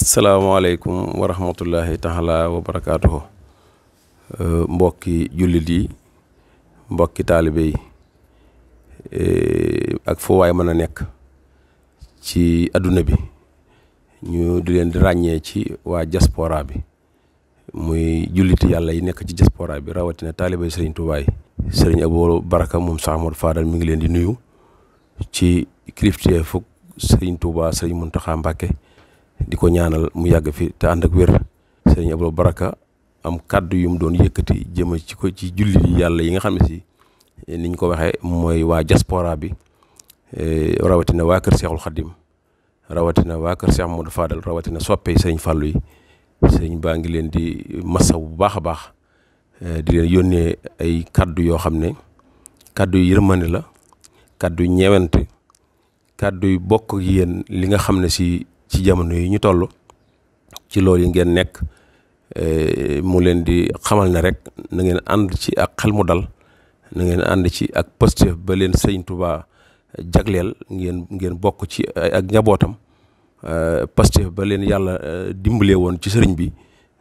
asalaamaaleykum wa rahmatullahi taala wa euh, mbokki jullit yi mbokki taalibe euh, ak fu waay mën a nekk ci adduna bi ñu di leen di ràññee ci waa diaspora bi muy julliti yàlla yi nekk ci diaspora bi rawatina taalibe yi sëriñ Tuubaa yi Baraka moom sax Ahmadu Fadal mi ngi leen di nuyu ci kilifteefu sëriñ Tuubaa sëriñ Muntaxa Mbàkke di ko ñaanal mu yàgg fi te ànd ak wér sëriñ Abdou Baraka am kàddu yu mu doon yëkkati jëma ci ko ci jullit yi yàlla yi nga xam ne si eh, niñ ko waxee mooy waa diaspora bi eh, rawatina waa kër Seexul Xaddim rawatina waa kër Seex Modou Fadal rawatina soppe sëriñ Fàllu yi sëriñ baa ngi leen di masaw bu baax a baax eh, di leen yónnee ay kàddu yoo xam ne kàddu yu yërmande la kàddu yu ñeewante kàddu yu bokk yéen li nga xam ne si ci jamono yi ñu toll ci lool yi ngeen nekk eh, mu leen di xamal ne rek na ngeen ànd ci ak xel mu dal na ngeen ànd ci ak Pastef ba leen Sëriñ Tuubaa jagleel ngeen ngeen bokk ci ak njabootam eh, Pastef ba leen yàlla eh, dimbalee woon ci sëriñ bi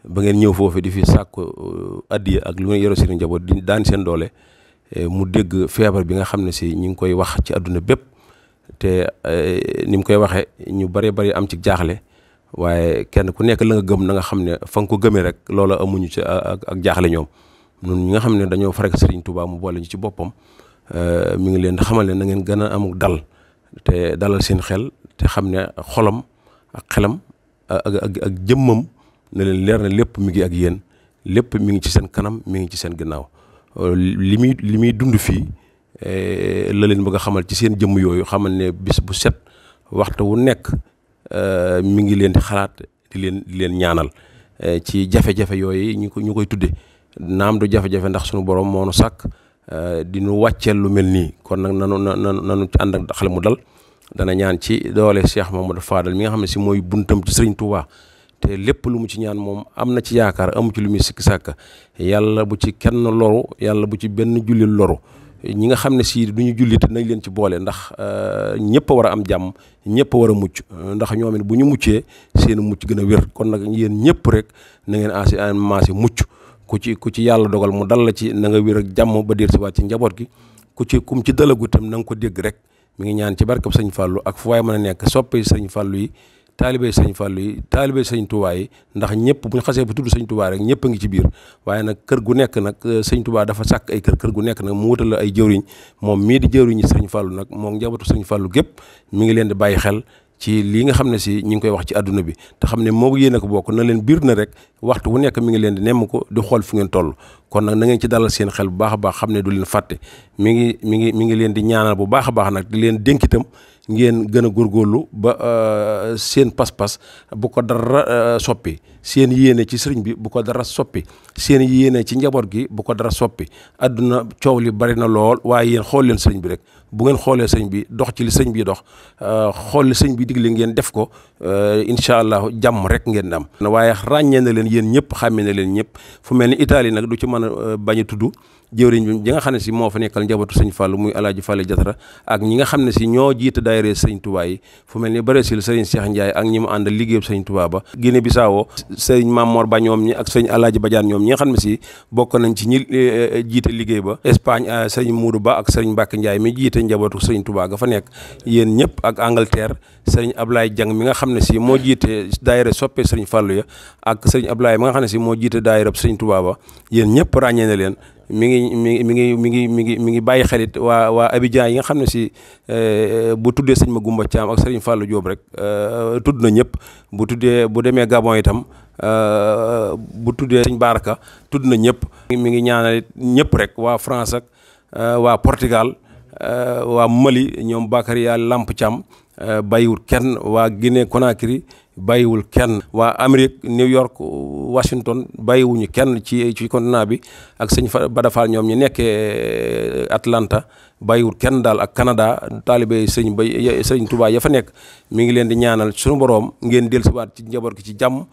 ba ngeen ñëw foofu di fi sàkku addiya ak lu ngeen yore seen njaboot di daan seen doole mu dégg feebar bi nga xam ne si ñu ngi koy wax ci àdduna bépp te eh, ni mu koy waxee ñu bëree bari am ci jaaxle waaye kenn ku nekk la nga gëm na nga xam ne fa nga ko gëmee rek loola amuñu ci ah, ak jaaxle ñoom ñun ñi nga xam ne dañoo farek Serigne Touba mu boole ñu ci boppam eh, mi ngi leen xamal ne na ngeen gën a amuk dal te dalal seen xel te xam ne xolam ak xelam ak ak ak jëmmam na leen leer na lépp mi ngi ak yéen lépp mu ngi ci seen kanam mi ngi ci seen ginnaaw li muy li muy dund fii. Eh, la leen bëgg a xamal ci seen jëmm yooyu xamal ne bis bu set waxtu wu nekk eh, mu ngi leen di xalaat di leen ñaanal eh, ci jafe-jafe yooyu ñu ko ñu koy tudde naam du jafe-jafe ndax sunu borom moo nu sàkk di nu wàcceel lu mel nii kon nag nanu nanu nanu ci ànd ak xale mu dal dana ñaan ci doole Cheikh Mamadou Fadal mi nga xam ne si mooy buntam ci Sëriñ Touba te lépp lu mu ci ñaan moom am na ci yaakaar amu ci lu muy sikki sàkk yàlla bu ci kenn loru yàlla bu ci benn jullit loru ñi nga xam ne si du ñu jullit nañ leen ci boole ndax euh, ñëpp a war am jàmm ñëpp a war a mucc euh, ndax ñoom it bu ñu muccee seen mucc gën a wér kon nag yéen ñëpp rek na ngeen aasi maasi mucc ku ci ku ci yàlla dogal mu dal la ci nanga nga wér ak jàmm ba dir si waat ci njaboot gi ku ci kum ci dalagu itam na nga ko dégg rek mu ngi ñaan ci barkab sëñ Fallou ak fu waaye mën a nekk soppi sëñ Fallou yi taalibey sëñ Fallou yi taalibey sëñ Touba yi ndax ñëpp bu ñu xasee bu tudd sëñ Touba rek ñëpp a ngi ci biir waaye nag kër gu nekk nag euh, sëñ Touba dafa sàkk ay kër kër gu nekk nag mu wutal la ay jëwriñ moom mii di jëwriñ nag moom njabootu sëñ Fallou gépp mi ngi leen di bàyyi xel ci lii xam ne si ñi ngi koy wax ci àdduna bi te xam ne moo yéen a bokk na leen biir na rek waxtu wu nekk mi ngi leen di nemm ko di xool fu ngeen toll kon nag na ngeen ci dalal seen xel bu baax a baax xam ne du leen fàtte mi ngi mi ngi mi ngi leen di ñaanal bu baax a baax nag di leen dénkitam ngeen gën a góorlu ba euh, seen pas-pas bu ko dara euh, soppi seen yéene ci sëriñ bi bu ko dara soppi seen yéene ci njaboot gi bu ko dara soppi adduna coow li bari na lool waaye yéen xool leen sëriñ bi rek bu ngeen xoolee sëriñ bi dox ci li sëriñ bi dox euh, xool li sëriñ bi digle ngeen def ko euh, incha allah jàmm rek ngeen am. waaye ràññee na leen yéen ñëpp xàmmee na leen ñëpp fu mel ni Italie nag du ci mën a euh, bañ a tudd jëwriñ bi ñi nga xam ne si moo fa nekkal njabootu sëñ Fallou muy alaaji Fallou jatara ak ñi nga xam ne si ñoo jiite daayira sëriñ fu mel ni Brésil sëriñ Cheikh Ndiaye ak ñi mu àndal liggéeyam sëriñ Touba ba Guinée Bissau sëñ Mamor Ba ñoom ñi ak sëñ Alaaji Badiane ñoom ñi nga xam ne si bokk nañ ci ñi eh, eh, jiite liggéey ba Espagne eh, sëñ Muudu Ba ak sëñ Mbàkke Njaay mi jiite njabootu sëñ Touba ga fa nekk yéen ñëpp ak Angleterre sëñ ablaay Jang mi nga xam ne si moo jiite daayira soppee sëñ Fàllu ya ak sëñ Ablaye mi nga xam ne si moo jiite daayira sëñ Touba ba yéen ñëpp ràññee na leen mi ngi mi mi ngi mi ngi mi ngi mi ngi bàyyi xelit waa waa Abidjan yi nga xam ne si eh, bu tuddee sëñ Ma Gumba Thiam ak sëriñ Fallou joob rek eh, tudd na ñëpp bu tuddee bu demee Gabon itam eh, bu tuddee sëñ Baraka tudd na ñëpp. mi ngi ñaanal ñëpp rek waa France ak waa portigal waa Mali ñoom Bakary Yàlla Lamp Thiam bàyyiwut kenn waa Guinée Conakry. bàyyiwul kenn waa Amérique New York Washington bàyyiwuñu kenn ci ci continent bi ak sëñ Bada Fall ñoom ñi nekkee eh, Atlanta bàyyiwul kenn daal ak Canada taalibe sëñ ba sëñ Touba ya fa nekk mu ngi leen di ñaanal suñu boroom ngeen dellusiwaat ci njaboor gi ci jàmm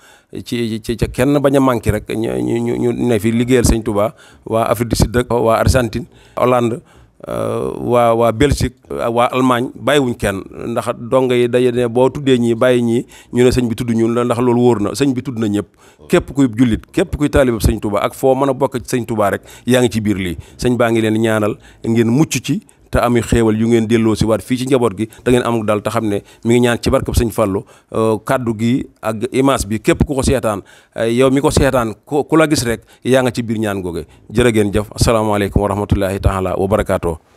ci ci ca kenn bañ a manqué rek ñu ñu ñu ne fi liggéeyal sëñ Touba waa Afrique du Sud ak waa Argentine Hollande Euh, waa waa Belgique euh, waa Allemagne bàyyiwuñ kenn ndax dong yi daje ne boo tuddee ñi bàyyi ñii ñu ne sëñ bi tudd ñu la ndax loolu wóor na sëñ bi tudd na ñëpp képp kuy jullit képp kuy taalibab sëñ Touba ak foo mën a bokk ci sëñ rek yaa ngi ci biir lii sëñ baa ngi leen ñaanal ngeen mucc ci te am xéewal yu ngeen delloo si waat fii ci njaboot gi da ngeen amul dal te xam ne mi ngi ñaan ci barkab sëñ Fallu euh, kaddu gi ak image bi képp ku ko seetaan euh, yow mi ko seetaan ku ku la gis rek yaa nga ci biir ñaan googe jërë ngeen jëf asalaamaaleykum wa rahmatullahi taala wa barakaatu